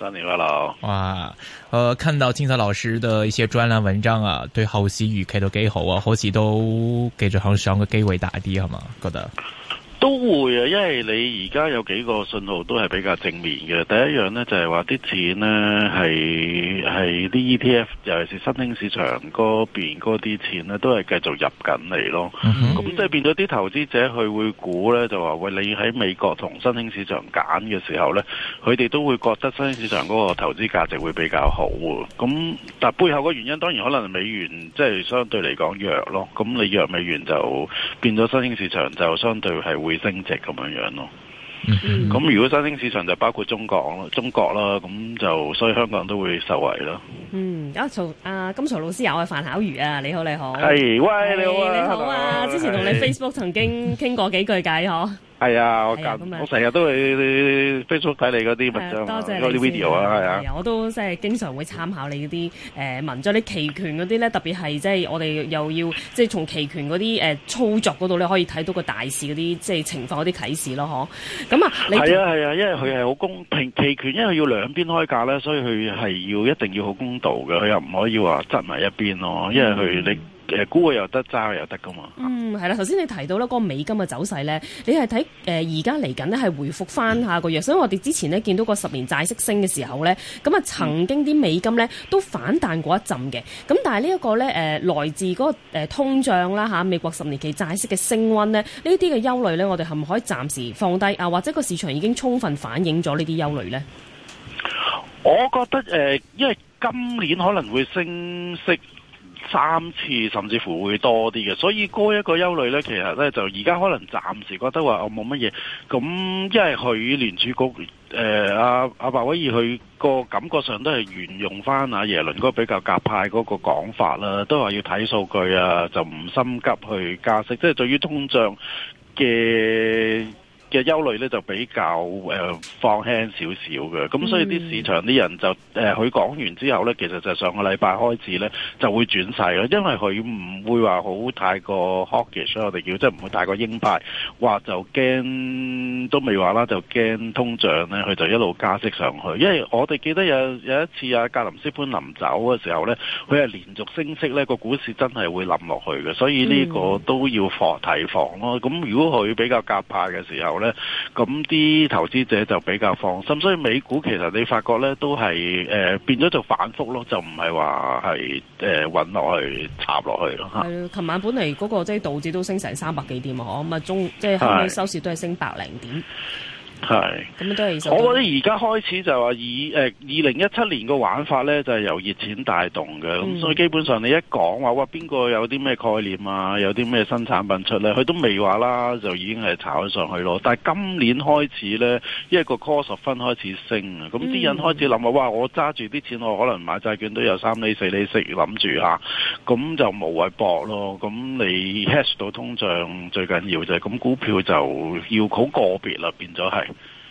哦、哇，呃，看到金曹老師的一些專欄文章啊，對後市預期都幾好啊，好似都繼續向上嘅機會大啲，好嗎？覺得？都會啊，因為你而家有幾個信號都係比較正面嘅。第一樣呢，就係話啲錢呢，係係啲 ETF，尤其是新興市場嗰邊嗰啲錢呢，都係繼續入緊嚟咯。咁即係變咗啲投資者佢會估呢，就話喂，你喺美國同新興市場揀嘅時候呢，佢哋都會覺得新興市場嗰個投資價值會比較好。咁但係背後個原因，當然可能美元即係、就是、相對嚟講弱咯。咁你弱美元就變咗新興市場就相對係會。升值咁樣樣咯，咁如果新興市場就包括中國咯，中國啦，咁就所以香港都會受惠啦。嗯，阿、啊、曹啊，金曹老師有啊，范巧如啊，你好你好，係，喂你好你好啊，好啊 Hello, 之前同你 Facebook 曾經傾過幾句偈嗬。係啊，我隔、啊、我成日都會 Facebook 睇你嗰啲文章，啊、多嗰啲 video 啊，係啊，啊，我都即係經常會參考你嗰啲誒文章。你期權嗰啲咧，特別係即係我哋又要即係、就是、從期權嗰啲誒操作嗰度咧，可以睇到個大市嗰啲即係情況嗰啲啟示咯，嗬。咁啊，你看。係啊係啊，因為佢係好公平期權，因為佢要兩邊開價咧，所以佢係要一定要好公道嘅，佢又唔可以話執埋一邊咯，因為佢你。嗯誒，沽又得，揸又得噶嘛？嗯，係啦。頭先你提到啦個美金嘅走勢咧，你係睇誒而家嚟緊呢係回復翻下個樣。所以我哋之前呢，見到個十年債息升嘅時候咧，咁啊曾經啲美金咧都反彈過一陣嘅。咁但係呢一個咧誒，來自嗰個誒通脹啦吓，美國十年期債息嘅升温咧，憂慮呢啲嘅憂慮咧，我哋係咪可以暫時放低啊？或者個市場已經充分反映咗呢啲憂慮咧？我覺得誒、呃，因為今年可能會升息。三次甚至乎會多啲嘅，所以嗰一個憂慮呢，其實呢就而家可能暫時覺得話我冇乜嘢。咁因為佢聯儲局，誒阿阿鮑威爾，佢個感覺上都係沿用返阿耶倫嗰比較鴿派嗰個講法啦，都話要睇數據啊，就唔心急去加息。即係對於通脹嘅嘅憂慮咧就比較、呃、放輕少少嘅，咁所以啲市場啲人就誒佢、呃、講完之後咧，其實就上個禮拜開始咧就會轉勢咯，因為佢唔會話好太過 hawkish 我哋叫即係唔會太過鷹派，話就驚都未話啦，就驚通脹咧，佢就一路加息上去，因為我哋記得有有一次啊，格林斯潘臨走嘅時候咧，佢係連續升息咧，個股市真係會冧落去嘅，所以呢個都要防提防咯、啊。咁如果佢比較鴿派嘅時候，咧，咁啲投資者就比較放心，所以美股其實你發覺咧，都係誒變咗就反覆咯，就唔係話係誒穩落去，插去、插落去咯嚇。係咯，琴晚本嚟嗰、那個即係、就是、道指都升成三百幾點啊，咁啊中即係、就是、後尾收市都係升百零點。係，咁都係。我覺得而家開始就話以誒二零一七年個玩法咧，就係、是、由熱錢帶動嘅，咁、嗯、所以基本上你一講話話邊個有啲咩概念啊，有啲咩新產品出嚟？」佢都未話啦，就已經係炒咗上去咯。但係今年開始咧，因為個 cost of fund 開始升，咁啲人開始諗啊，哇！我揸住啲錢，我可能買債券都有三厘、四厘息，諗住下，咁就無謂搏咯。咁你 hedge 到通脹最緊要就係、是，咁股票就要好個別啦，變咗係。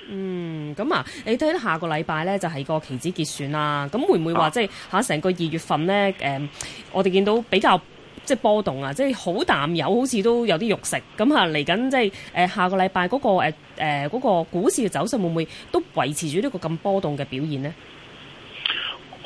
嗯，咁啊，你睇下個禮拜咧就係個期指結算啦。咁會唔會話即係吓成個二月份咧？誒、呃，我哋見到比較即係波動啊，即係好淡有，好似都有啲肉食，咁吓嚟，緊即係誒、呃、下個禮拜嗰個誒誒嗰個股市嘅走勢會唔會都維持住呢個咁波動嘅表現咧？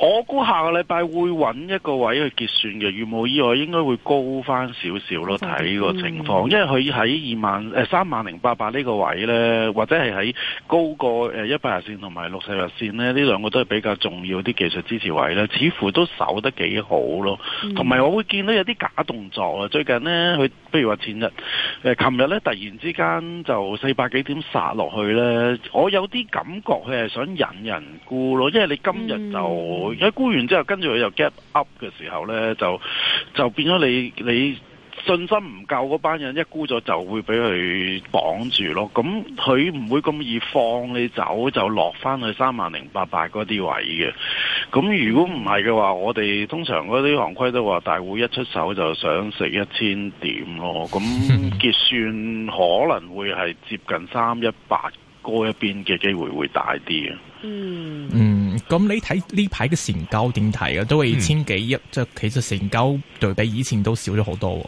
我估下個禮拜會揾一個位去結算嘅，如冇意外應該會高翻少少咯，睇個情況。因為佢喺二萬三萬零八百呢個位呢，或者係喺高過一百日線同埋六十日線呢，呢兩個都係比較重要啲技術支持位呢，似乎都守得幾好咯。同埋我會見到有啲假動作啊，最近呢，佢，不如話前日誒，琴日呢，突然之間就四百幾點殺落去呢。我有啲感覺佢係想引人沽咯，因為你今日就。嗯一沽完之後，跟住佢又 gap up 嘅時候呢，就就變咗你你信心唔夠嗰班人一沽咗就會俾佢綁住咯。咁佢唔會咁易放你走，就落翻去三萬零八百嗰啲位嘅。咁如果唔係嘅話，我哋通常嗰啲行規都話，大戶一出手就想食一千點咯。咁結算可能會係接近三一八嗰一邊嘅機會會大啲嘅。嗯嗯。咁你睇呢排嘅成交點睇呀？都係千幾億。嗯，即係其實成交對比以前都少咗好多啊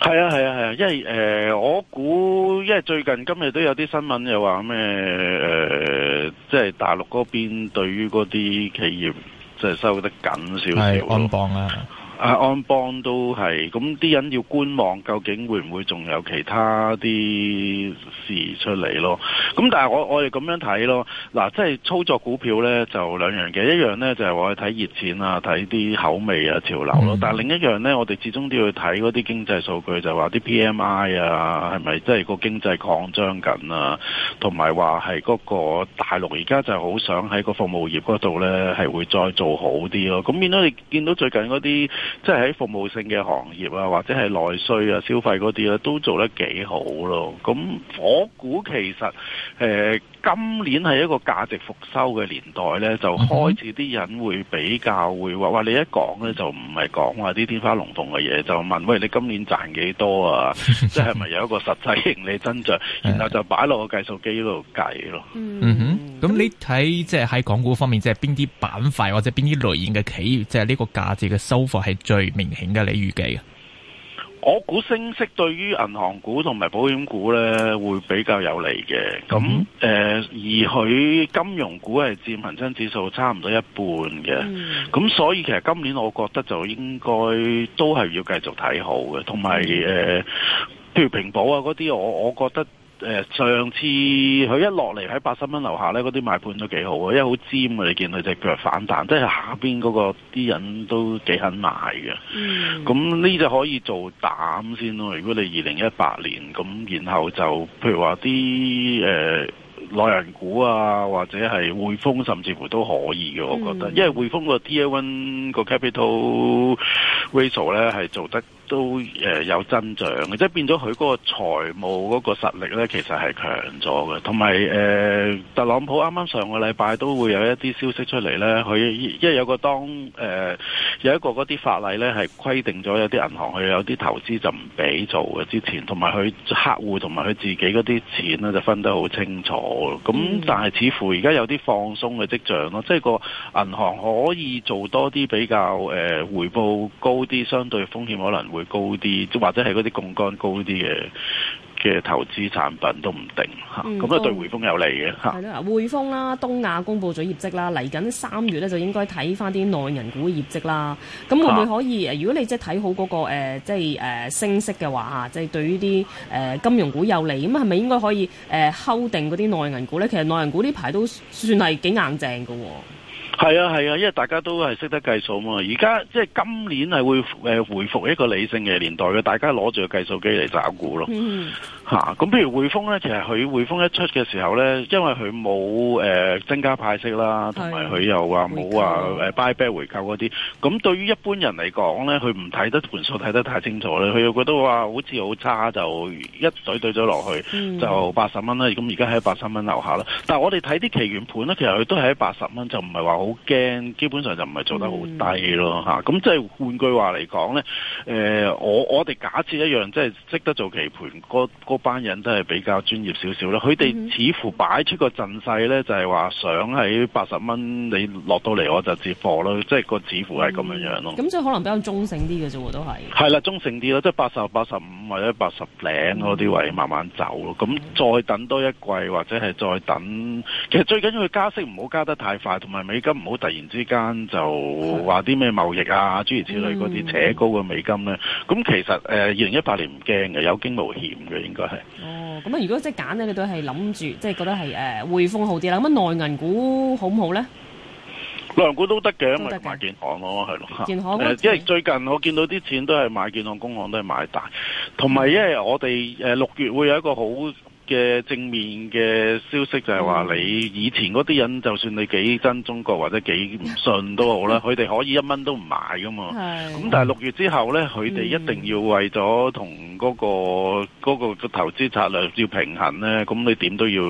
啊。係啊係啊係啊，因為誒、呃、我估，因為最近今日都有啲新聞又話咩誒，即、呃、係、就是、大陸嗰邊對於嗰啲企業即係收得緊少少咯。啊，安邦都係，咁啲人要觀望，究竟會唔會仲有其他啲事出嚟咯？咁但係我我哋咁樣睇咯，嗱，即係操作股票呢，就兩樣嘅，一樣呢，就係話去睇熱錢啊，睇啲口味啊、潮流咯。但係另一樣呢，我哋始終都要睇嗰啲經濟數據，就話、是、啲 P M I 啊，係咪即係個經濟擴張緊啊？同埋話係嗰個大陸而家就係好想喺個服務業嗰度呢，係會再做好啲咯。咁變到你見到最近嗰啲。即係喺服務性嘅行業啊，或者係內需啊、消費嗰啲啊，都做得幾好咯。咁我估其實誒、呃、今年係一個價值復收嘅年代呢，就開始啲人會比較會話哇，你一講呢，就唔係講話啲天花龍鳳嘅嘢，就問喂你今年賺幾多啊？ 即係咪有一個實際盈利增長， 然後就擺落個計數機嗰度計咯。 嗯哼。咁你睇即係喺港股方面，即係邊啲板塊或者邊啲類型嘅企業，即係呢個價值嘅修復係最明顯嘅，你預計嘅？我估升息對於銀行股同埋保險股咧會比較有利嘅。咁誒、嗯呃，而佢金融股係佔恒生指數差唔多一半嘅。咁、嗯、所以其實今年我覺得就應該都係要繼續睇好嘅。同埋誒，譬如平保啊嗰啲，我我覺得。誒、呃、上次佢一落嚟喺八十蚊樓下咧，嗰啲買盤都幾好啊，因為好尖啊。你見佢隻腳反彈，即係下邊嗰、那個啲人都幾肯買嘅。嗯，咁呢隻可以做膽先咯。如果你二零一八年咁，然後就譬如話啲誒內人股啊，或者係匯豐，甚至乎都可以嘅、嗯，我覺得，因為匯豐個 T1 個 Capital Ratio 咧係做得。都誒有增長嘅，即係變咗佢嗰個財務嗰個實力咧，其實係強咗嘅。同埋誒，特朗普啱啱上個禮拜都會有一啲消息出嚟咧，佢因為有個當誒有一個嗰啲、呃、法例咧，係規定咗有啲銀行佢有啲投資就唔俾做嘅之前，同埋佢客戶同埋佢自己嗰啲錢咧就分得好清楚。咁但係似乎而家有啲放鬆嘅跡象咯，即係個銀行可以做多啲比較誒、呃、回報高啲、相對風險可能會。高啲，或者係嗰啲槓桿高啲嘅嘅投資產品都唔定嚇，咁、嗯、都對匯豐有利嘅嚇、嗯。匯豐啦，東亞公布咗業績啦，嚟緊三月咧就應該睇翻啲內銀股嘅業績啦。咁會唔會可以、啊？如果你即係睇好嗰、嗰個、呃、即係誒、呃、升息嘅話嚇，即係對於啲誒金融股有利，咁啊係咪應該可以誒 hold、呃、定嗰啲內銀股咧？其實內銀股呢排都算係幾硬淨㗎喎。係啊係啊，因為大家都係識得計數嘛，而家即係今年係會誒回復一個理性嘅年代嘅，大家攞住個計數機嚟炒股咯。嗯咁、啊、譬如匯豐咧，其實佢匯豐一出嘅時候咧，因為佢冇誒增加派息啦，同埋佢又話冇話 buyback 回購嗰啲，咁、呃、對於一般人嚟講咧，佢唔睇得盤數睇得太清楚咧，佢又覺得話好似好差，就一嘴隊咗落去，嗯、就八十蚊啦。咁而家喺八十蚊樓下啦。但我哋睇啲期權盤咧，其實佢都係喺八十蚊，就唔係話好驚，基本上就唔係做得好低咯。咁即係換句話嚟講咧、呃，我我哋假設一樣，即係識得做期盤班人都係比較專業少少啦，佢哋似乎擺出個陣勢呢，就係話想喺八十蚊你落到嚟我就接貨咯，即係個似乎係咁樣樣咯。咁即係可能比較中性啲嘅啫喎，都係。係啦，中性啲咯，即係八十、八十五或者八十零嗰啲位慢慢走咯。咁再等多一季或者係再等，其實最緊要佢加息唔好加得太快，同埋美金唔好突然之間就話啲咩貿易啊諸如此類嗰啲扯高嘅美金呢。咁其實誒二零一八年唔驚嘅，有驚無險嘅應該。哦，咁啊，如果即係揀咧，你都係諗住，即係覺得係誒滙豐好啲啦。咁啊，內銀股好唔好咧？內銀股都得嘅，因為買建行咯，係咯。建行的。因為最近我見到啲錢都係買建行、工行，都係買大，同埋因為我哋誒六月會有一個好。嘅正面嘅消息就係話，你以前嗰啲人就算你幾憎中國或者幾唔信都好啦，佢哋可以一蚊都唔買噶嘛。咁但係六月之後咧，佢哋一定要為咗同嗰個嗰個投資策略要平衡咧，咁你點都要。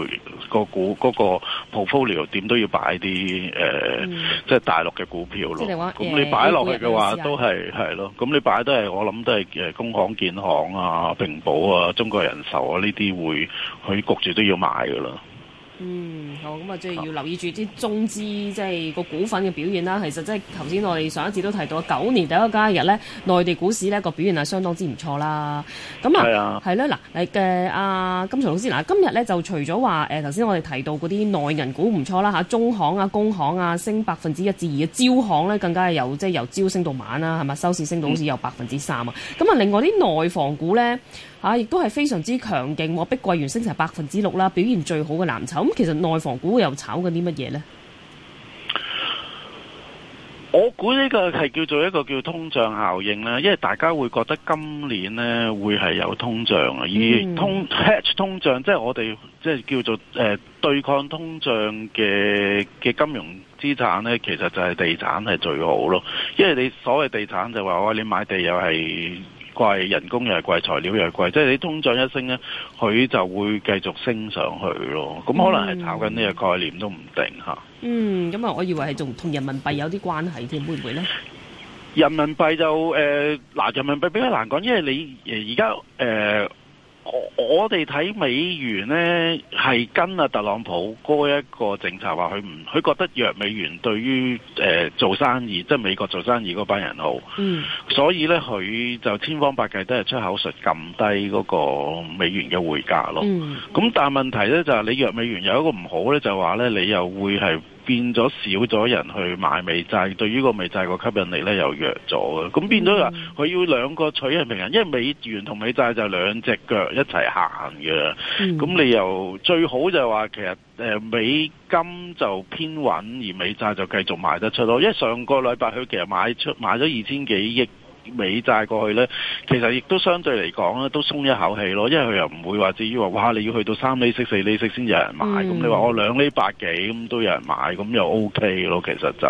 那個股嗰、那個 portfolio 點都要擺啲誒，呃嗯、即係大陸嘅股票咯。咁、嗯、你擺落去嘅話，都係係咯。咁你擺都係，我諗都係誒，工行、建行啊、平保啊、中國人壽啊呢啲會佢焗住都要買㗎啦。嗯，好，咁啊，即係要留意住啲中資，即、就、係、是、個股份嘅表現啦。其實即係頭先我哋上一次都提到九年第一個交易日呢，內地股市呢個表現係相當之唔錯啦。咁啊，係啦、啊，嗱，嘅、呃、阿金曹老師，嗱，今日呢就除咗話誒，頭、呃、先我哋提到嗰啲內銀股唔錯啦，中行啊、工行啊，升百分之一至二，招行呢，更加係、就是、由即係由朝升到晚啦、啊，係咪？收市升到好似有百分之三啊。咁、嗯、啊，另外啲內房股呢，亦都係非常之強勁喎，碧桂園升成百分之六啦，表現最好嘅藍籌。其實內房股又炒緊啲乜嘢呢？我估呢個係叫做一個叫通脹效應啦，因為大家會覺得今年呢會係有通脹啊，而通、嗯、hedge 通脹即係我哋即係叫做誒、呃、對抗通脹嘅嘅金融資產呢，其實就係地產係最好咯，因為你所謂地產就話我、哎、你買地又係。貴人工又係貴，材料又係貴，即係你通脹一升咧，佢就會繼續升上去咯。咁可能係炒緊呢個概念，都唔定吓。嗯，咁啊，嗯、咁我以為係仲同人民幣有啲關係添，會唔會咧？人民幣就誒，嗱、呃，人民幣比較難講，因為你誒而家誒。呃我我哋睇美元呢，係跟阿特朗普嗰一個政策，話佢唔佢覺得弱美元對於誒、呃、做生意，即係美國做生意嗰班人好。嗯，所以呢，佢就千方百計都係出口術撳低嗰個美元嘅匯價咯。咁、嗯、但係問題呢就係、是、你弱美元有一個唔好呢，就話呢，你又會係。變咗少咗人去買美債，對於個美債個吸引力咧又弱咗嘅，咁變咗話佢要兩個取向平衡，因為美元同美債就兩隻腳一齊行嘅，咁你又最好就話其實誒美金就偏穩，而美債就繼續賣得出囉。因為上個禮拜佢其實買出買咗二千幾億。美債過去呢，其實亦都相對嚟講都鬆一口氣咯，因為佢又唔會話至於話，哇，你要去到三厘息、四厘息先有人買，咁、嗯、你話我兩厘八幾咁都有人買，咁又 O、OK、K 咯，其實就，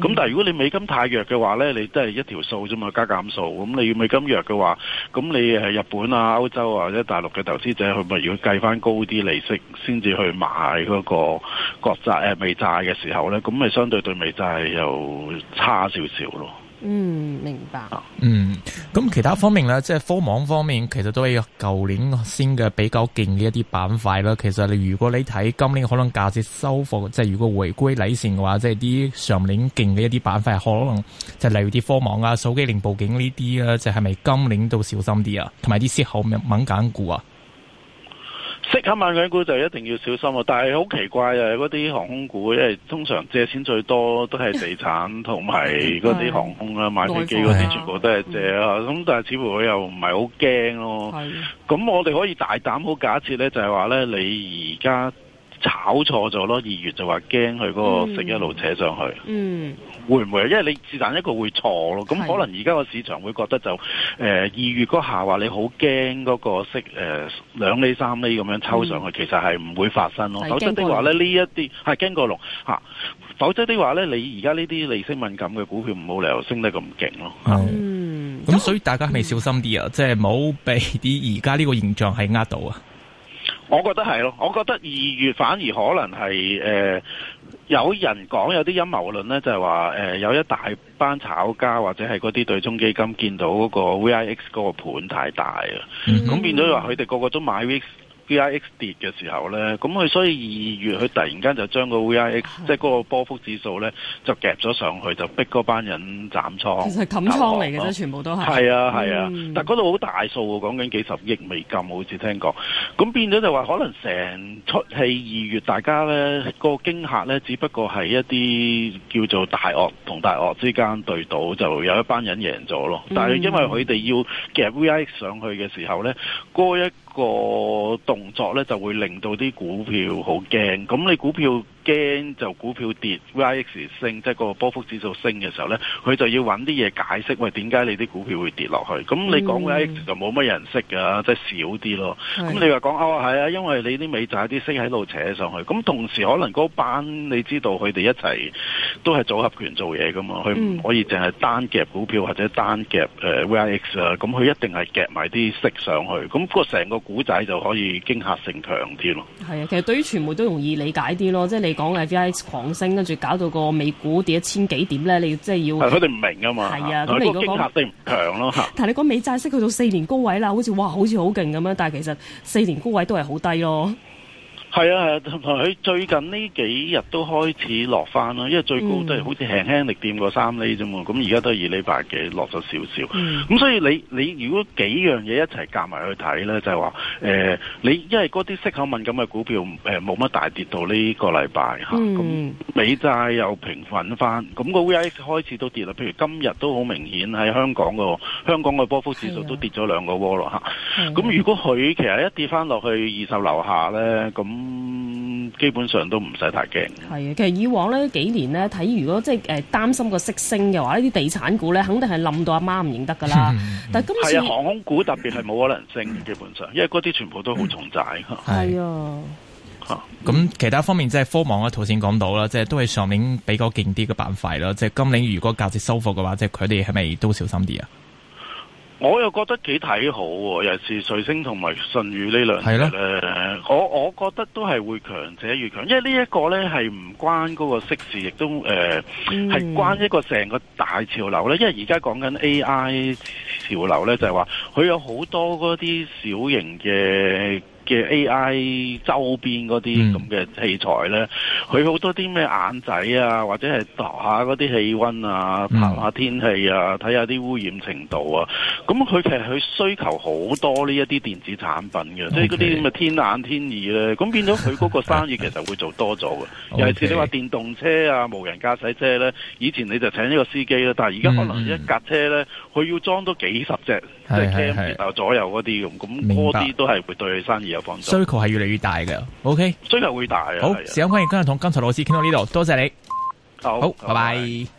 咁但係如果你美金太弱嘅話呢，你都係一條數啫嘛，加減數，咁你要美金弱嘅話，咁你係日本啊、歐洲、啊、或者大陸嘅投資者，佢咪要計翻高啲利息先至去買嗰個國債、啊、美債嘅時候呢，咁咪相對對美債又差少少咯。嗯，明白。 嗯，咁其他方面咧，即係科網方面，其實都係舊年先嘅比較勁嘅一啲板塊啦。其實你如果你睇今年可能價值收復，即、就、係、是、如果回歸理性嘅話，即係啲上年勁嘅一啲板塊，可能即係例如啲科網啊、手機零部件呢啲啊，就係、是、咪今年都小心啲啊？同埋啲息口敏感股啊？息下萬樣股就一定要小心啊！但係好奇怪啊，嗰啲航空股，因為通常借錢最多都係地產同埋嗰啲航空啦， 買飛機嗰啲全部都係借啊！咁 但係似乎佢又唔係好驚咯。咁 我哋可以大膽好假設呢，就係話呢：你而家炒錯咗咯，二月就話驚佢嗰個息一路扯上去。嗯。 會唔會？因為你是但一個會錯咯。咁可能而家個市場會覺得就誒二、呃、月嗰下話你好驚嗰個息誒兩厘、三厘咁樣抽上去，嗯、其實係唔會發生咯。否則的話咧，呢一啲係驚過龍、啊、否則的話咧，你而家呢啲利息敏感嘅股票唔好理由升得咁勁咯。嗯。咁、嗯、所以大家係咪小心啲啊！即係冇被啲而家呢個現象係呃到啊、嗯！我覺得係咯，我覺得二月反而可能係誒。呃有人講有啲陰謀論，呢就係話、呃、有一大班炒家或者係嗰啲對沖基金見到嗰個 VIX 嗰個盤太大啊，咁變咗話佢哋個個都買 VIX。VIX 跌嘅時候呢，咁佢所以二月佢突然間就將個 VIX，即係嗰個波幅指數呢，就夾咗上去，就逼嗰班人斬倉，其實冚倉嚟嘅啫，全部都係。係啊，係啊，嗯、但嗰度好大數喎，講緊幾十億美金，好似聽過。咁變咗就話，可能成出戲二月，大家呢、個驚嚇呢，只不過係一啲叫做大鱷同大鱷之間對賭，就有一班人贏咗咯、嗯。但係因為佢哋要夾 VIX 上去嘅時候呢，一、嗰個個動作咧就會令到啲股票好驚。咁你股票。驚就股票跌，VIX 升，即係個波幅指數升嘅時候咧，佢就要揾啲嘢解釋，喂，點解你啲股票會跌落去？咁你講 VIX 就冇乜人識㗎，即係少啲咯。咁、嗯、你話講哦，係啊，因為你啲美債啲息喺度扯上去，咁同時可能嗰班你知道佢哋一齊都係組合權做嘢㗎嘛，佢唔可以淨係單夾股票或者單夾誒、呃、VIX 啊，咁佢一定係夾埋啲息上去，咁不過成個故仔就可以驚嚇性強啲咯。係啊，其實對於傳媒都容易理解啲咯，即係你。講係 VIX 狂升，跟住搞到個美股跌一千幾點咧，你要即係要，佢哋唔明啊嘛，係啊，咁、啊、你如果驚嚇性唔強咯嚇。但係你講美債息去到四年高位啦，好似哇，好似好勁咁樣，但係其實四年高位都係好低咯。係啊，係啊，同埋佢最近呢幾日都開始落翻啦，因為最高都係好似輕輕力掂過三厘啫嘛，咁而家都二厘八幾落咗少少。咁、嗯、所以你你如果幾樣嘢一齊夾埋去睇咧，就係話誒，你因為嗰啲息口敏感嘅股票冇乜、呃、大跌到呢個禮拜，咁美債又平穩翻，咁、那個 VIX 開始都跌啦。譬如今日都好明顯喺香港個香港嘅波幅指數都跌咗兩個窩咯咁、啊嗯、如果佢其實一跌翻落去二十樓下咧，咁嗯，基本上都唔使太驚係啊，其實以往呢幾年呢，睇，如果即係誒擔心個息升嘅話，呢啲地產股咧，肯定係冧到阿媽唔認得噶啦、嗯。但係今次，係啊，航空股特別係冇可能升、嗯，基本上，因為嗰啲全部都好重債。係、嗯、啊，咁其他方面即係科網咧，頭先講到啦，即係都係上年比較勁啲嘅板塊啦。即係今年如果價值收復嘅話，即係佢哋係咪都小心啲啊？我又覺得幾睇好喎、啊，尤其是瑞星同埋信宇呢兩隻，我我覺得都係會強者越強，因為呢一個呢係唔關嗰個息事，亦都係、呃嗯、關一個成個大潮流呢，因為而家講緊 AI 潮流呢，就係話佢有好多嗰啲小型嘅。嘅 A.I. 周邊嗰啲咁嘅器材呢，佢、嗯、好多啲咩眼仔啊，或者係度下嗰啲氣温啊，拍、嗯、下天氣啊，睇下啲污染程度啊，咁佢其實佢需求好多呢一啲電子產品嘅，okay. 即係嗰啲咁嘅天眼天耳呢，咁變咗佢嗰個生意其實會做多咗嘅。 尤其是你話電動車啊、無人駕駛車呢，以前你就請一個司機啦，但係而家可能一架車呢，佢、嗯、要裝多幾十隻即係 camera 左右嗰啲咁，咁多啲都係會對佢生意。需求係越嚟越大嘅，OK？需求會大啊，好的時間關係今日同金曹老師傾到呢度，多謝,謝你，oh, 好，拜拜。Bye bye